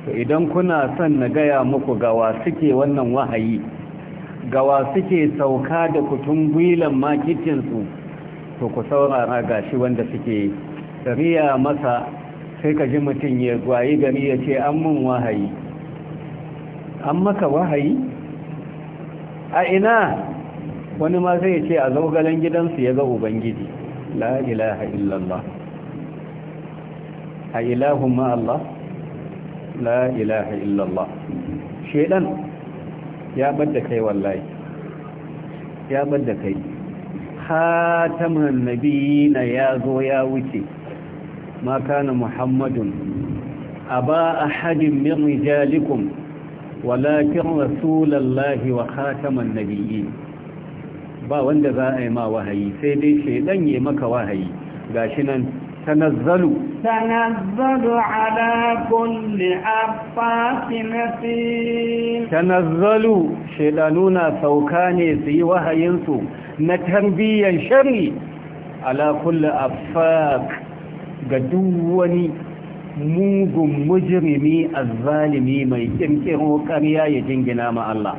فإذا كنا سنقيا مكو قواسكي ونن وهيي gawa suke sauka da kutun gwilan makicinsu to ku saurara gashi wanda suke riya masa sai ka ji mutum ya gwayi gari ya ce an mun wahayi an maka wahayi a ina wani ma zai ce a zaugalen gidansu ya ga ubangiji la ilaha illallah a ilahun ma Allah la ilaha illallah shedan ya badda kai wallahi ya badda kai khataman nabiyina ya zo ya wuce ma kana muhammadun aba ahadin min rijalikum walakin rasulallahi wa khataman nabiyyin ba wanda za a yi ma wahayi sai dai shaidan yi maka wahayi gashi nan تنزل تنزل على كل أفاك نسيم تنزل شيطانونا سوكاني في وهينسو نتنبيا شري على ga duk wani mugun mujirimi azzalimi mai ƙirƙiro ƙarya ya jingina ma Allah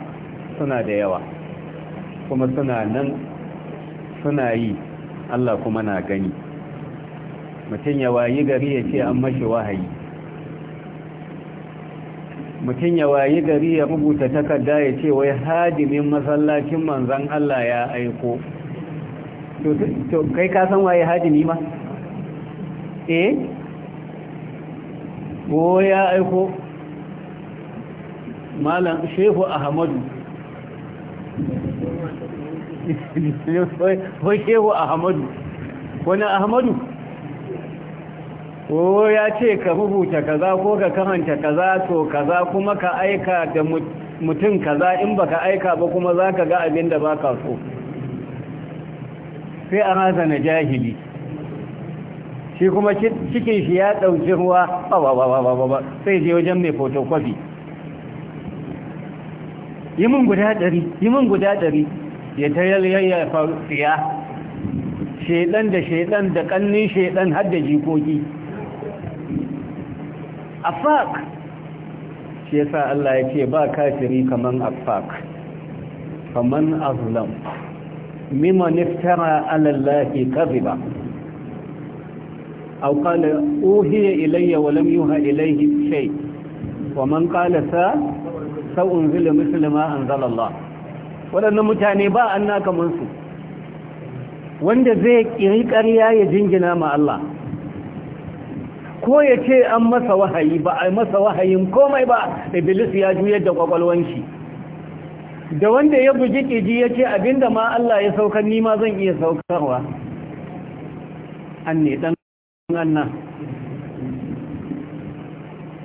suna da yawa kuma suna nan suna yi Allah kuma na gani mutum ya wayi gari ya ce an mashi wahayi mutum ya wayi gari ya rubuta takarda ya ce wai hadimin masallacin manzan Allah ya aiko to kai ka san waye hadimi ma eh ko ya aiko malam shehu ahmadu ko shehu ahmadu ko na ahmadu ko ya ce ka rubuta kaza ko ka karanta kaza to kaza kuma ka aika da mutum kaza in baka aika ba kuma za ka ga abin da ba so sai a na jahili shi kuma cikin shi ya ɗauki ruwa ba ba ba ba ba sai je wajen mai photocopy yi min guda ɗari yi min guda ɗari ya ta faru tsiya shedan da shedan da ƙannin shedan har da jikoki afak shi yasa Allah ya ce ba kafiri kaman afak kaman azlam mimman iftara ala Allah kadhiba aw qala uhiya ilayya wa lam yuha ilayhi shay wa man qala sa sa unzila mithla ma anzala Allah wadannan mutane ba annaka munsu wanda zai kiri ƙarya ya jingina ma Allah ko ya ce an masa wahayi ba a masa wahayin komai ba iblis ya juyar da kwakwalwan shi da wanda ya buji kiji ya ce abinda ma Allah ya saukar ni zan iya saukarwa an ne dan annan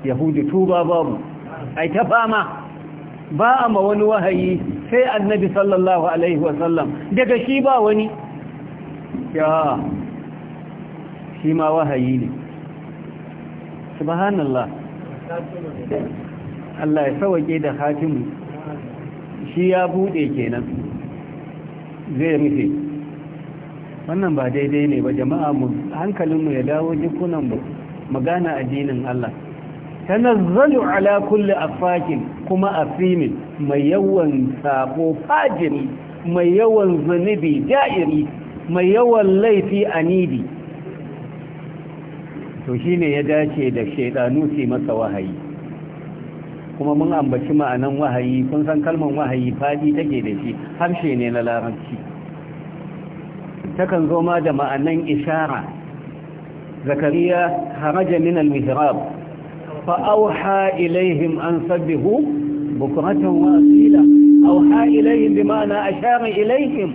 yahudi tuba babu ai ta fama ba a ma wani wahayi sai annabi sallallahu alaihi wasallam daga shi ba wani ya shi ma wahayi ne subhanallah Allah ya sauke da hatimu shi ya bude kenan zai rufe wannan ba daidai ne ba jama'a mu hankalinmu ya dawo jikunan mu magana addinin Allah tanazzalu ala kulli afakin kuma afimin mai yawan sako fajiri mai yawan zunubi da'iri mai yawan laifi anidi to shi ne ya dace da shaidanu su masa wahayi kuma mun ambaci ma'anan wahayi kun san kalman wahayi faɗi take da shi harshe ne na larabci takan zo ma da ma'anan ishara zakariya haraja min al-mihrab fa auha ilaihim an sabbihu bukratan wa asila auha ilaihim bima'ana ashara ilaihim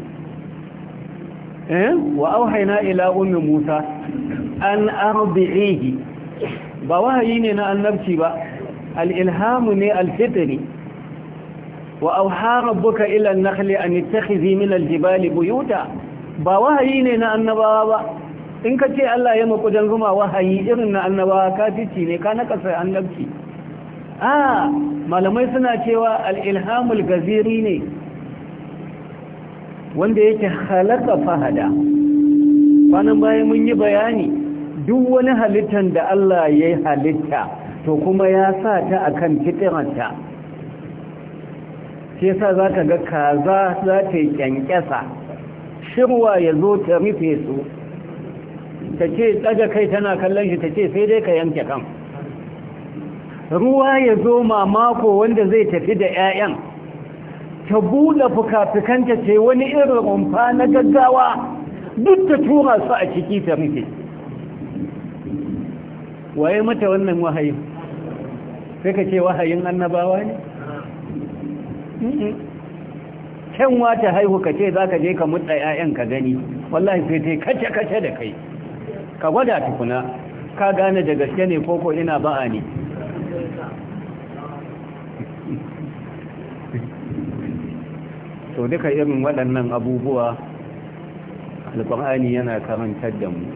eh wa auhayna ila ummi musa an arbi'ihi ba wahayi ne na annabci ba al ne al wa auha rabbuka ila an an ittakhizi min aljibali buyuta ba wahayi ne na annabawa ba in ka ce Allah ya maku dan zuma wahayi irin na annabawa ka tici ne ka nakasa annabci a malamai suna cewa al-ilhamul gaziri ne wanda yake halaka fahada kwanan bayan mun yi bayani duk wani halittar da Allah ya yi halitta to kuma ya sa ta a kan fitiranta ke sa za ka ga kaza za ta yi kyankyasa shirwa ya zo ta rufe su ta ce tsaga kai tana kallon shi ta ce sai dai ka yanke kan ruwa ya zo mamako wanda zai tafi da 'ya'yan ta buɗe fuka-fukanta ce wani irin rumfa na gaggawa duk ta tura su a ciki ta rufe waye mata wannan wahayin sai ka ce wahayin annabawa ne kyanwa ta haihu ka ce za ka je ka mutsa 'ya'yan ka gani wallahi sai ta kace-kace da kai ka gwada tukuna ka gane da gaske ne koko ina ba'a ne to duka irin waɗannan abubuwa alƙur'ani yana karantar da mu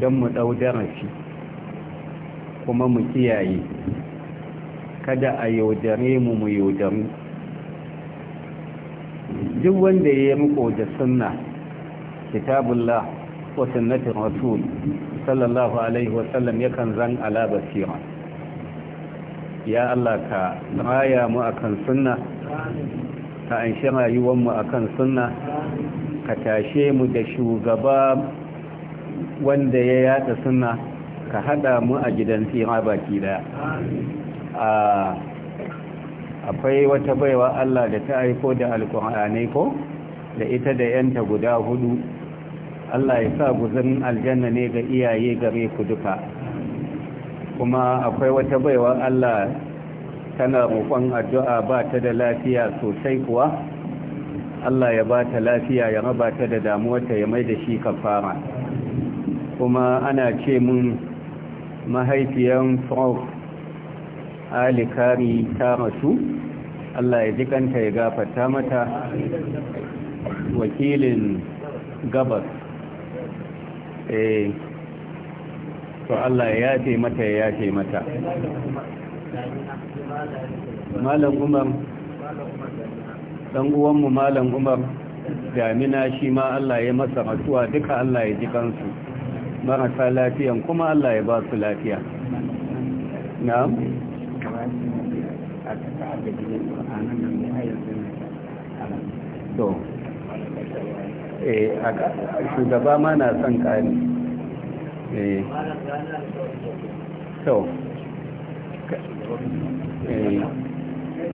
don mu ɗau shi kuma mu kiyaye kada a yaudare mu mu yaudare duk wanda ya muku da sunna kitabullah wa sunnatin rasul sallallahu alaihi wasallam yakan zan ala basira ya Allah ka raya mu akan sunna ka anshi rayuwar mu akan sunna ka tashe mu da shugaba wanda ya yada sunna ka hada mu a gidan tsira baki daya akwai wata baiwa Allah da ta aiko da alkur'anai ko da ita da yanta guda hudu Allah ya sa guzin aljanna ne ga iyaye gare ku duka kuma akwai wata baiwa Allah tana roƙon addu'a ba ta da lafiya sosai kuwa Allah ya ba ta lafiya ya raba ta da damuwarta ya mai da shi kafara kuma ana ce mun mahaifiyan frog alikari ta rasu allah ya ji kanta ya gafata mata wakilin gabas eh to allah ya yafe mata ya yafe mata malam umar dan uwanmu malam umar damina shi ma allah ya masa rasuwa duka allah ya ji kansu marasa lafiyan kuma Allah ya ba su lafiya na to eh, shugaba ma na son kari eh eh